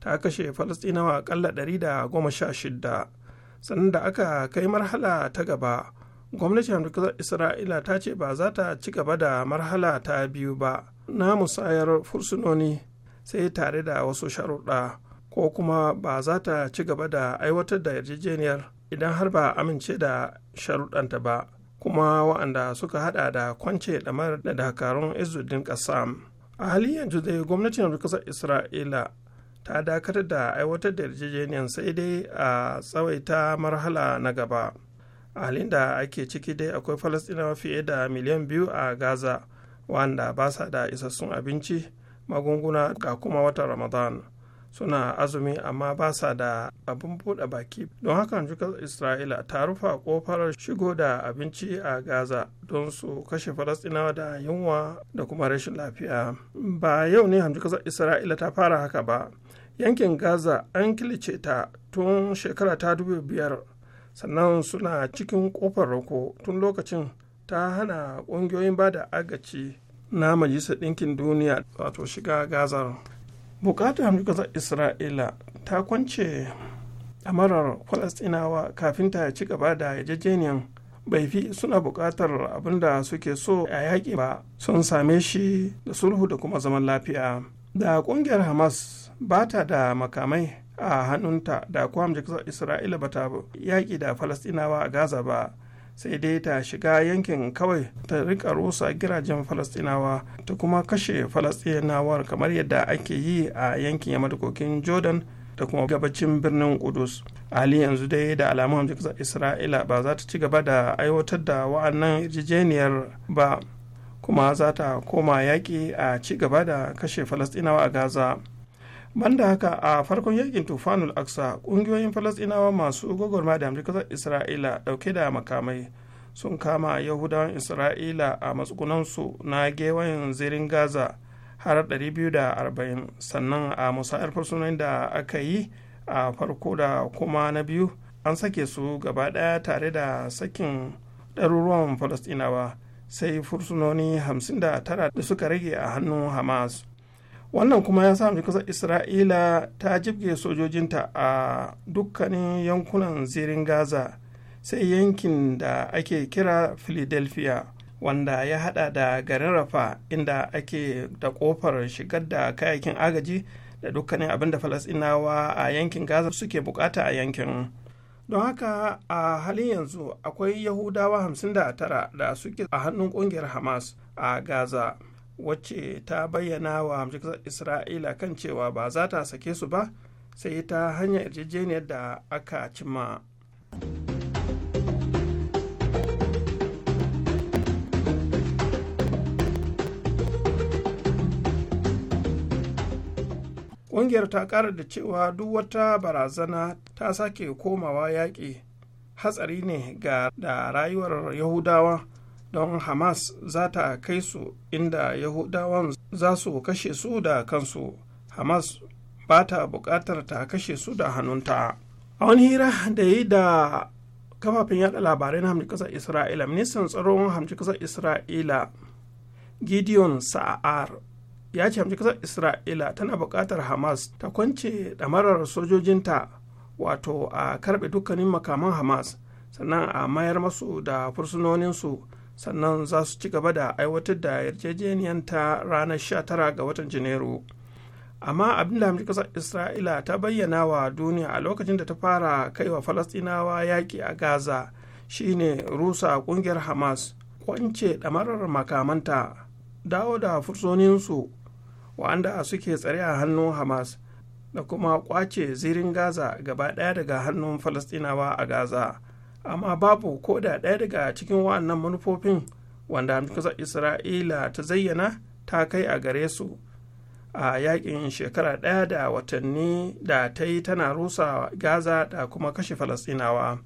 ta kashe falastinawa akalla 116 sannan da aka kai marhala ta gaba gwamnatin hamdukar isra'ila ta ce ba za ta ci gaba da marhala ta biyu ba na musayar fursunoni sai tare da wasu sharuɗa ko kuma ba za ta ci gaba da aiwatar da yarjejeniyar idan har ba amince da sharuɗanta ba kuma wa'anda suka hada da kwance damar da dakarun Izudin kasam a halin yanzu dai gwamnatin kasar isra'ila ta dakatar da aiwatar da yarjejeniyar sai dai a tsawaita marhala na gaba a halin da ake ciki dai akwai falastinawa fiye da miliyan biyu a gaza wanda ba sa da isassun abinci magunguna ga kuma watan ramadan suna azumi amma ba sa da abin buɗe baki don haka jukar isra'ila ta rufa kofar shigo da abinci a gaza don su kashe falastinawa da yunwa da kuma rashin lafiya ba yau ne hamjukar isra'ila ta fara haka ba yankin gaza an kilice ta tun shekara ta biyar sannan suna cikin kofar roko tun lokacin ta hana ƙungiyoyin ba da agaci na majalisar ɗinkin duniya wato shiga gazar bukatar gaza isra'ila ta kwance a amarar falastinawa kafin ta ci gaba da yajejeniyar bai fi suna buƙatar abin da suke so a yaƙi ba sun same shi da sulhu da kuma zaman lafiya da ƙungiyar hamas ba ta da makamai a hannunta da kuwa kasar isra'ila ba ta yaƙi da falastinawa a gaza ba sai dai ta shiga yankin kawai ta rika rusa girajen falastinawa ta kuma kashe falastinawa kamar yadda ake yi a yankin yamma jordan da kuma gabacin birnin kudus hali yanzu dai da alamun kasar isra'ila ba za ta ci gaba da aiwatar da wa'annan yarjejeniyar ba kuma za ta koma yaƙi a ci gaba da kashe falastinawa a gaza banda haka a farkon yakin tufanul aksa kungiyoyin falasɗinawa masu gwagwarma da amurkar isra'ila dauke da makamai sun kama yahudawan isra'ila a matsugunansu na gewayen zirin gaza har 240 sannan a musayar fursunan da aka yi a farko da kuma na biyu an sake su gaba daya tare da sakin ɗaruruwan falasɗinawa sai fursunoni 59 da suka rage a hannun hamas wannan kuma ya sami kusa isra'ila ta jibge sojojinta a dukkanin yankunan zirin gaza sai yankin da ake kira philadelphia wanda ya hada da garin rafa inda ake da kofar shigar da kayakin agaji da dukkanin abin da falasinawa a yankin gaza suke bukata a yankin don haka a halin yanzu akwai yahudawa 59 da suke a hannun kungiyar hamas a gaza wacce ta bayyana wa hamshin isra'ila kan cewa ba za ta sake su ba sai ta hanyar yarjejeniyar da aka cimma. ƙungiyar ta ƙara da cewa duk wata barazana ta sake komawa yaƙi hatsari ne ga da rayuwar yahudawa don hamas za ta kai su inda yahudawan za su kashe su da kansu hamas ba ta buƙatar ta kashe su da hannunta a wani hira da yi da kafafen yada labarai na hamji ƙasar isra'ila ministan tsaron hamji ƙasar isra'ila gideon sa'ar ya ce hamji ƙasar isra'ila tana bukatar hamas ta kwance ɗamarar sojojinta wato a karɓe dukkanin makaman hamas sannan a mayar masu da fursunoninsu sannan za su ci gaba da aiwatar da yarjejeniyar ta ranar 19 ga watan janairu amma abin da kasar isra'ila ta bayyana wa duniya a lokacin da ta fara kai wa falastinawa yaƙi a gaza shine rusa ƙungiyar hamas kwance ɗamarar makamanta dawo da fursoninsu wa'anda suke tsare a hannun hamas da kuma kwace zirin gaza gaba ɗaya daga hannun falastinawa a gaza amma babu ko da ɗaya daga cikin wa'annan manufofin wanda hamdukasar isra'ila ta zayyana ta kai a gare su a yakin shekara ɗaya da watanni da ta yi tana rusa gaza da kuma kashe falasɗinawa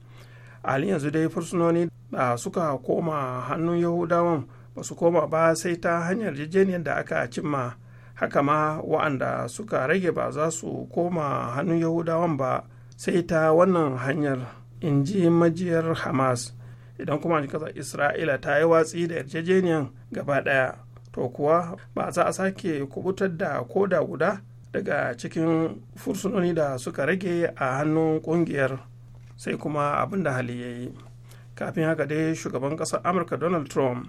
halin yanzu dai fursunoni da suka koma hannun yahudawan ba su koma ba sai ta hanyar yarjejeniyar da aka cimma haka ma wa'anda suka rage ba za su koma hannun yahudawan ba sai ta wannan hanyar in ji majiyar hamas idan kuma kasar isra'ila ta yi watsi da yarjejeniyar gaba daya to kuwa ba za a sake kubutar da koda guda daga cikin fursunoni da suka rage a hannun kungiyar sai kuma abin da hali ya yi kafin haka dai shugaban kasar amurka donald trump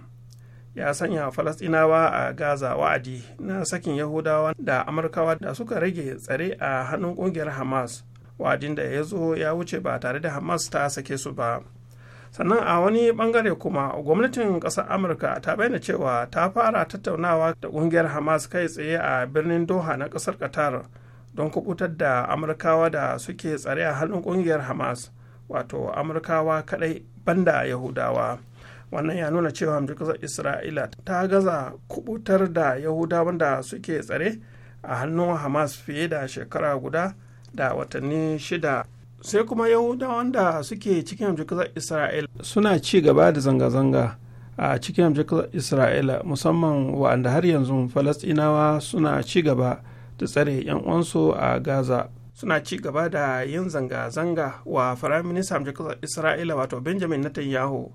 ya sanya falasɗinawa a gaza wa'adi na sakin yahudawa da amurkawa da suka rage tsare a hannun kungiyar hamas wa'adin da ya zo ya wuce ba tare da hamas ta sake su ba sannan a wani bangare kuma gwamnatin ƙasar amurka ta bayyana cewa ta fara tattaunawa da ƙungiyar hamas kai tsaye a birnin doha na ƙasar qatar don kubutar da amurkawa da suke tsare a halin ƙungiyar hamas wato amurkawa kaɗai banda yahudawa wannan ya nuna cewa ƙasar isra'ila ta gaza kubutar da yahudawan da suke tsare a hannun hamas fiye da shekara guda da watanni shida sai kuma yahudawa da suke cikin amjikar isra'ila suna ci gaba da zanga-zanga a cikin amjikar isra'ila musamman wa'anda har yanzu falasɗinawa suna ci gaba da tsare 'yan uwansu a gaza suna ci gaba da yin zanga-zanga wa firayim minista hamjikasar isra'ila wato benjamin netanyahu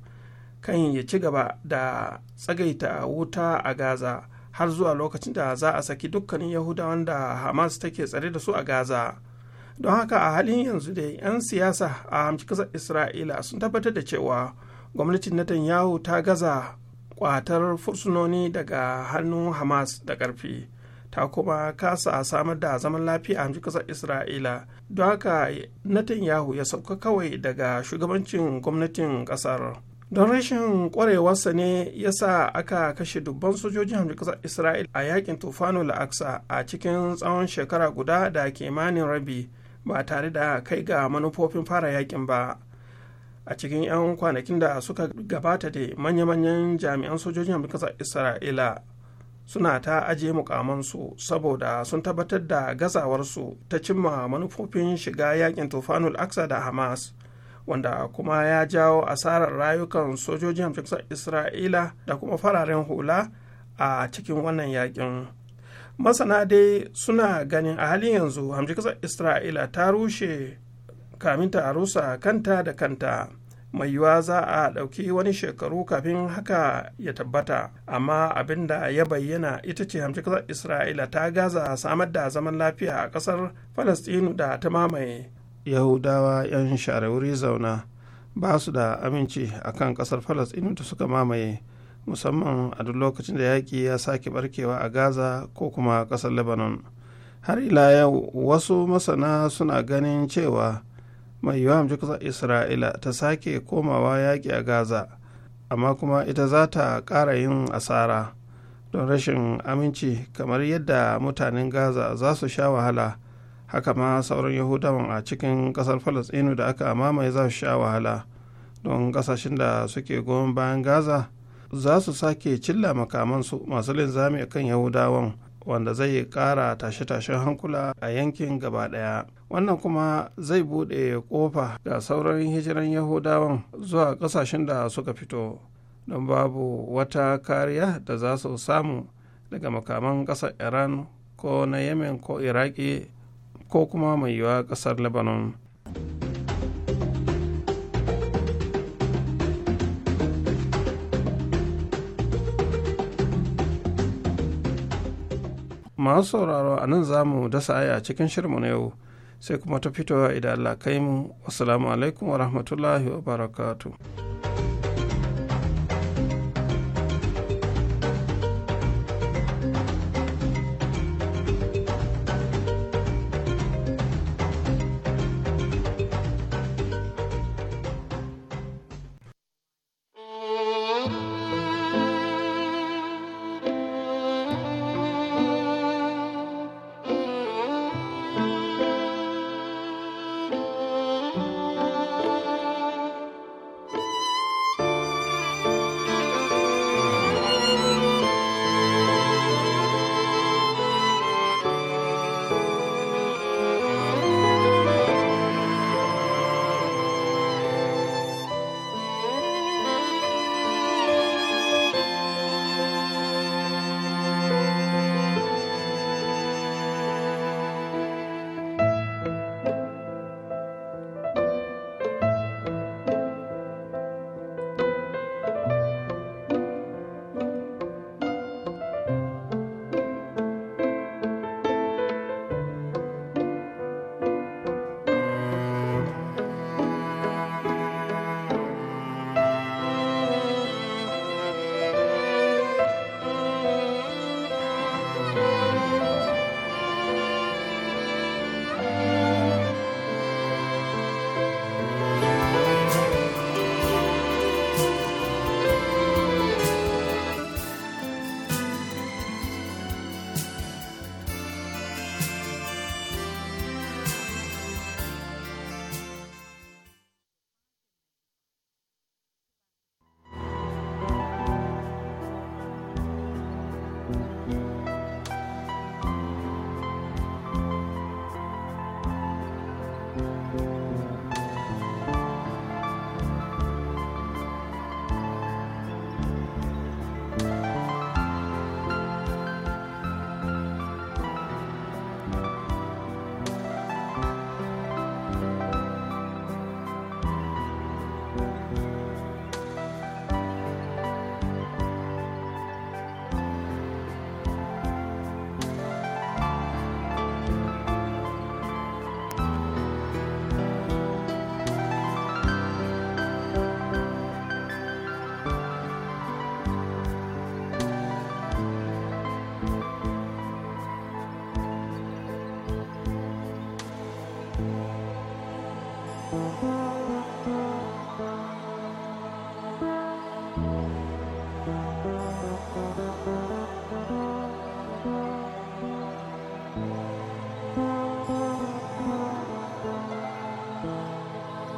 kan ya ci gaba da tsagaita wuta a gaza har zuwa lokacin da za a saki dukkanin yahudawan da hamas take tsare da su a gaza don haka a halin yanzu dai 'yan siyasa a hamci kasar isra'ila sun tabbatar da cewa gwamnatin netanyahu ta gaza kwatar fursunoni daga hannun hamas da ƙarfi ta kuma kasa samar da zaman lafiya a hamci kasar isra'ila don haka netanyahu ya sauka kawai daga shugabancin gwamnatin kasar don rashin kwarewarsa ne ya sa aka kashe dubban sojojin hamdu kasar isra'il a yakin tufanu la'aksa a cikin tsawon shekara guda da kimanin rabi ba tare da kai ga manufofin fara yakin ba a cikin 'yan kwanakin da suka gabata da manya-manyan jami'an sojojin amurka isra'ila suna ta ajiye mukamansu saboda sun tabbatar da gazawarsu ta cimma manufofin shiga yakin tufanul aksa da hamas wanda kuma ya jawo asarar rayukan sojojin amurka isra'ila da kuma fararen hula a cikin wannan yakin. masana dai suna ganin a halin yanzu kasar isra'ila ta rushe kaminta a rusa kanta da kanta mai yiwuwa za a ɗauki wani shekaru kafin haka ya tabbata amma abin da ya bayyana ita ce hamci kasar isra'ila ta gaza samar da zaman lafiya a ƙasar falastinu da ta mamaye yahudawa 'yan share wuri zauna ba su da aminci akan ƙasar falastinu da suka mamaye musamman a duk lokacin da yaƙi ya sake barkewa a gaza ko kuma ƙasar lebanon har ila yau wasu masana suna ganin cewa mai yiwuwa hamji kusa isra'ila ta sake komawa yaƙi a gaza amma kuma ita za ta ƙara yin asara don rashin aminci kamar yadda mutanen gaza za su sha wahala haka ma sauran yahudawan a cikin ƙasar falasɗinu da aka mamaye za su sha wahala don ƙasashen da suke goma bayan gaza za su sake cilla makamansu masu linzami kan yahudawan wanda zai kara tashe-tashen hankula a yankin gaba daya wannan kuma zai bude kofa ga sauran hijiran yahudawan zuwa kasashen da suka fito don babu wata kariya da za su samu daga makaman kasar iran ko na yemen ko iraki ko kuma mai yiwuwa kasar lebanon masu sauraro a nan za mu dasa aya cikin shirmu na yau sai kuma ta fitowa idan Allah kai mu. Assalamu alaikum wa rahmatullahi wa barakatuh.